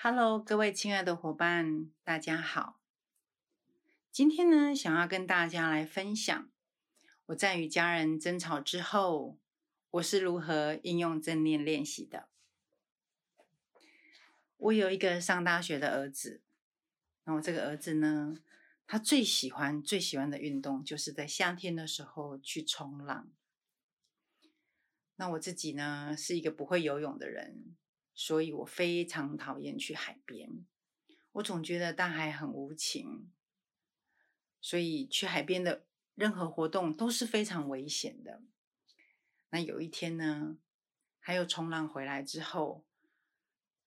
Hello，各位親愛的夥伴，大家好。今天呢，想要跟大家來分享我在與家人爭吵之後，我是如何應用正念練習的。我有一個上大學的兒子，那我這個兒子呢，他最喜歡最喜歡的運動就是在夏天的時候去衝浪。那我自己呢，是一個不會游泳的人。所以我非常討厭去海邊，我總覺得大海很無情，所以去海邊的任何活動都是非常危險的。那有一天呢，還有衝浪回來之後，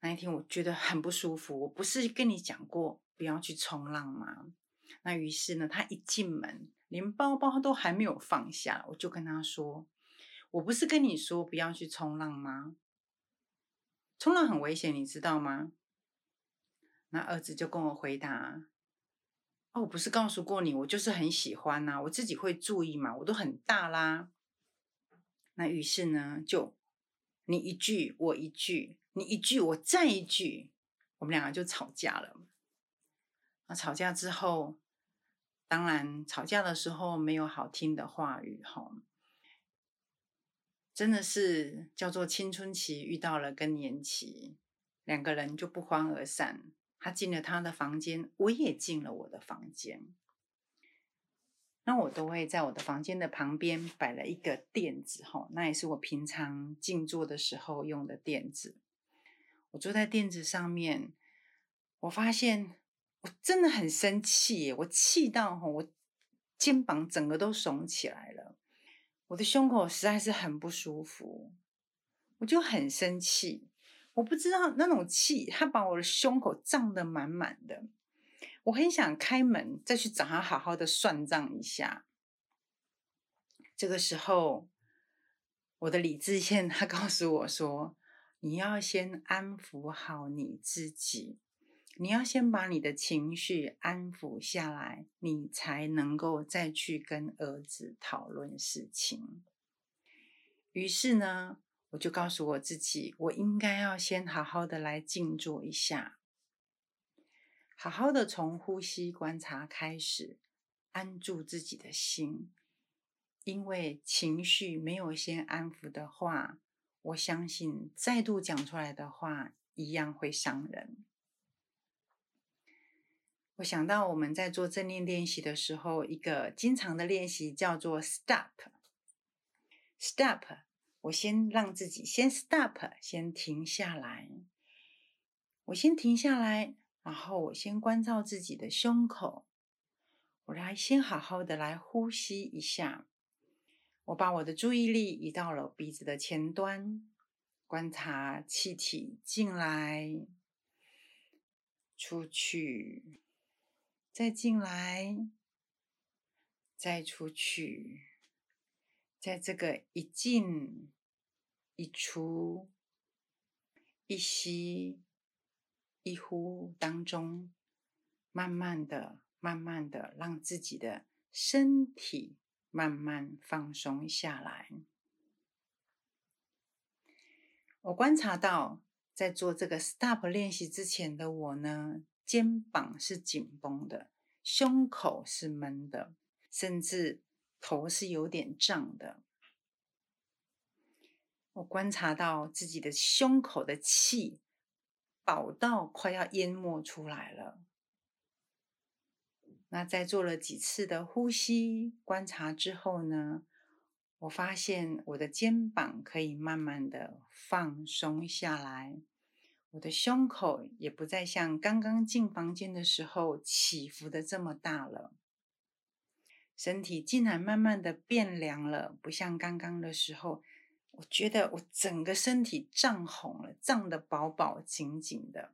那一天我覺得很不舒服。我不是跟你講過不要去衝浪嗎？那於是呢，他一進門，連包包都還沒有放下，我就跟他說：“我不是跟你說不要去衝浪嗎？”衝浪很危險，你知道嗎？那兒子就跟我回答：“哦，我不是告訴過你，我就是很喜歡吶、啊，我自己會注意嘛，我都很大啦。”那於是呢，就你一句我一句，你一句我再一句，我們兩個就吵架了。那吵架之後，當然吵架的時候沒有好聽的話語，吼。真的是叫做青春期遇到了更年期，兩個人就不歡而散。他進了他的房間，我也進了我的房間。那我都會在我的房間的旁邊擺了一個墊子，哈，那也是我平常靜坐的時候用的墊子。我坐在墊子上面，我發現我真的很生氣，我氣到哈，我肩膀整個都聳起來了。我的胸口實在是很不舒服，我就很生氣，我不知道那種氣，它把我的胸口脹得滿滿的，我很想開門再去找他好好的算賬一下。這個時候，我的理智線他告訴我說，你要先安撫好你自己。你要先把你的情緒安撫下來，你才能夠再去跟兒子討論事情。於是呢，我就告訴我自己，我應該要先好好的來靜坐一下。好好的從呼吸觀察開始，安住自己的心。因為情緒沒有先安撫的話，我相信再度講出來的話，一樣會傷人。我想到我們在做正念練習的時候，一個經常的練習叫做 “stop”。stop，我先讓自己先 stop，先停下來。我先停下來，然後我先關照自己的胸口。我來先好好的來呼吸一下。我把我的注意力移到了鼻子的前端，觀察氣體進來、出去。再進來，再出去，在這個一進一出、一吸一呼當中，慢慢的、慢慢的，讓自己的身體慢慢放鬆下來。我觀察到，在做這個 stop 練習之前的我呢。肩膀是緊繃的，胸口是悶的，甚至頭是有點脹的。我觀察到自己的胸口的氣飽到快要淹沒出來了。那在做了幾次的呼吸觀察之後呢，我發現我的肩膀可以慢慢的放鬆下來。我的胸口也不再像剛剛進房間的時候起伏的這麼大了，身體竟然慢慢的變涼了，不像剛剛的時候，我覺得我整個身體脹紅了，脹得飽飽緊緊的。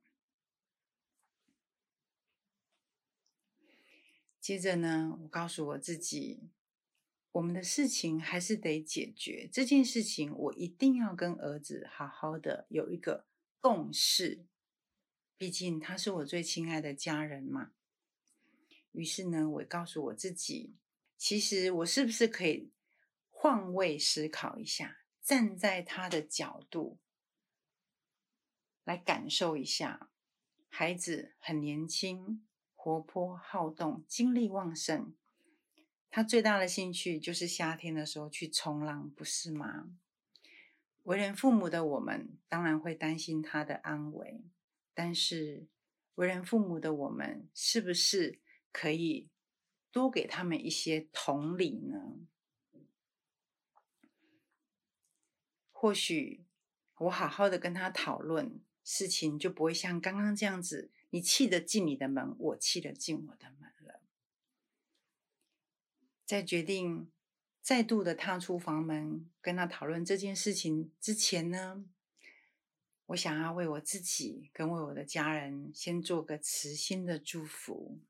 接着呢，我告訴我自己，我們的事情還是得解決，這件事情我一定要跟兒子好好的有一個共事，畢竟他是我最親愛的家人嘛。於是呢，我告訴我自己，其實我是不是可以換位思考一下，站在他的角度來感受一下。孩子很年輕，活潑好動，精力旺盛。他最大的興趣就是夏天的時候去沖浪，不是嗎？為人父母的我們，當然會擔心他的安危，但是為人父母的我們，是不是可以多給他們一些同理呢？或許我好好的跟他討論事情，就不會像剛剛這樣子，你氣得進你的門，我氣得進我的門了。再決定。再度的踏出房門，跟他討論這件事情之前呢，我想要為我自己跟為我的家人先做個慈心的祝福。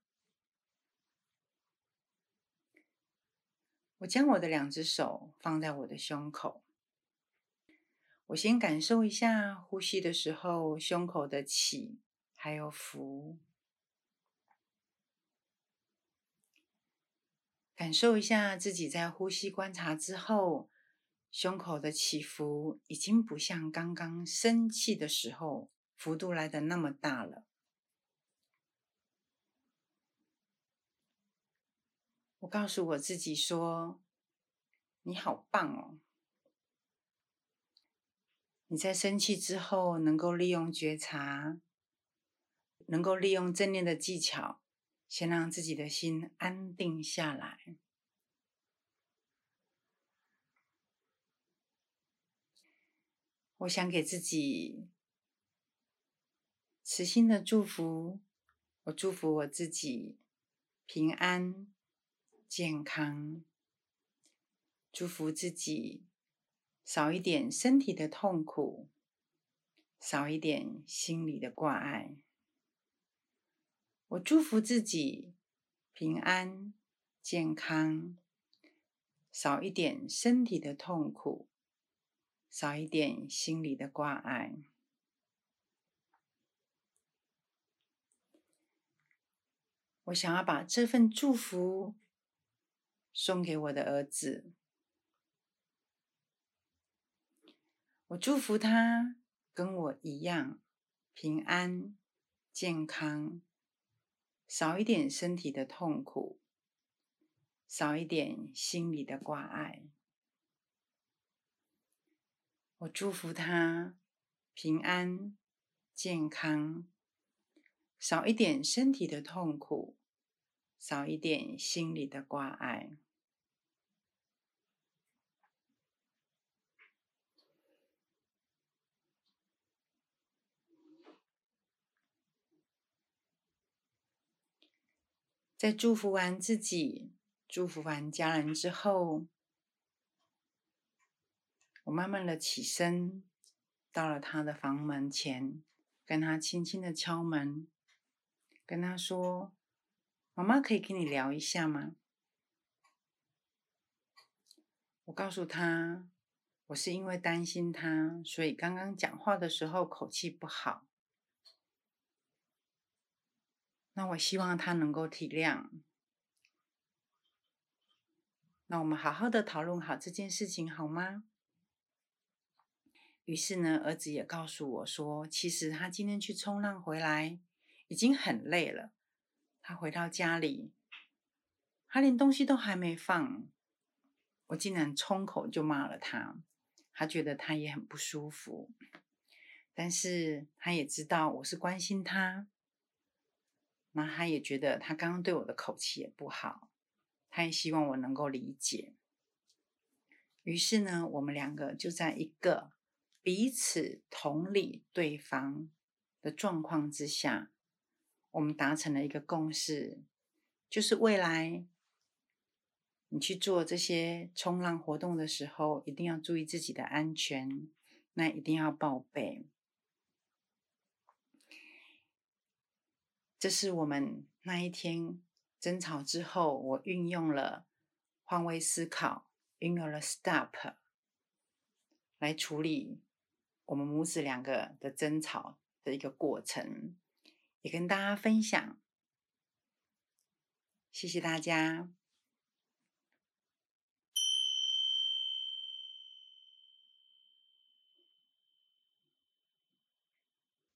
我將我的兩隻手放在我的胸口，我先感受一下呼吸的時候胸口的起還有伏。感受一下自己在呼吸觀察之後，胸口的起伏已經不像剛剛生氣的時候幅度來的那麼大了。我告訴我自己說：“你好棒哦，你在生氣之後能夠利用覺察，能夠利用正念的技巧。”先讓自己的心安定下來。我想給自己慈心的祝福，我祝福我自己平安健康，祝福自己少一點身體的痛苦，少一點心裡的掛礙。我祝福自己平安、健康，少一點身體的痛苦，少一點心裡的掛礙。我想要把這份祝福送給我的兒子，我祝福他跟我一樣平安、健康。少一點身體的痛苦，少一點心裡的掛礙。我祝福他平安健康，少一點身體的痛苦，少一點心裡的掛礙。在祝福完自己、祝福完家人之後，我慢慢的起身，到了他的房門前，跟他輕輕的敲門，跟他說：“媽媽可以跟你聊一下嗎？”我告訴他：“我是因為擔心他，所以剛剛講話的時候口氣不好。”那我希望他能夠體諒。那我們好好的討論好這件事情，好嗎？於是呢，兒子也告訴我說，其實他今天去衝浪回來已經很累了。他回到家裡，他連東西都還沒放，我竟然衝口就罵了他。他覺得他也很不舒服，但是他也知道我是關心他。那他也覺得他剛剛對我的口氣也不好，他也希望我能夠理解。於是呢，我們兩個就在一個彼此同理對方的狀況之下，我們達成了一個共識，就是未來你去做這些衝浪活動的時候，一定要注意自己的安全，那一定要報備。這是我們那一天爭吵之後，我運用了換位思考，運用了 stop，來處理我們母子兩個的爭吵的一個過程，也跟大家分享。謝謝大家。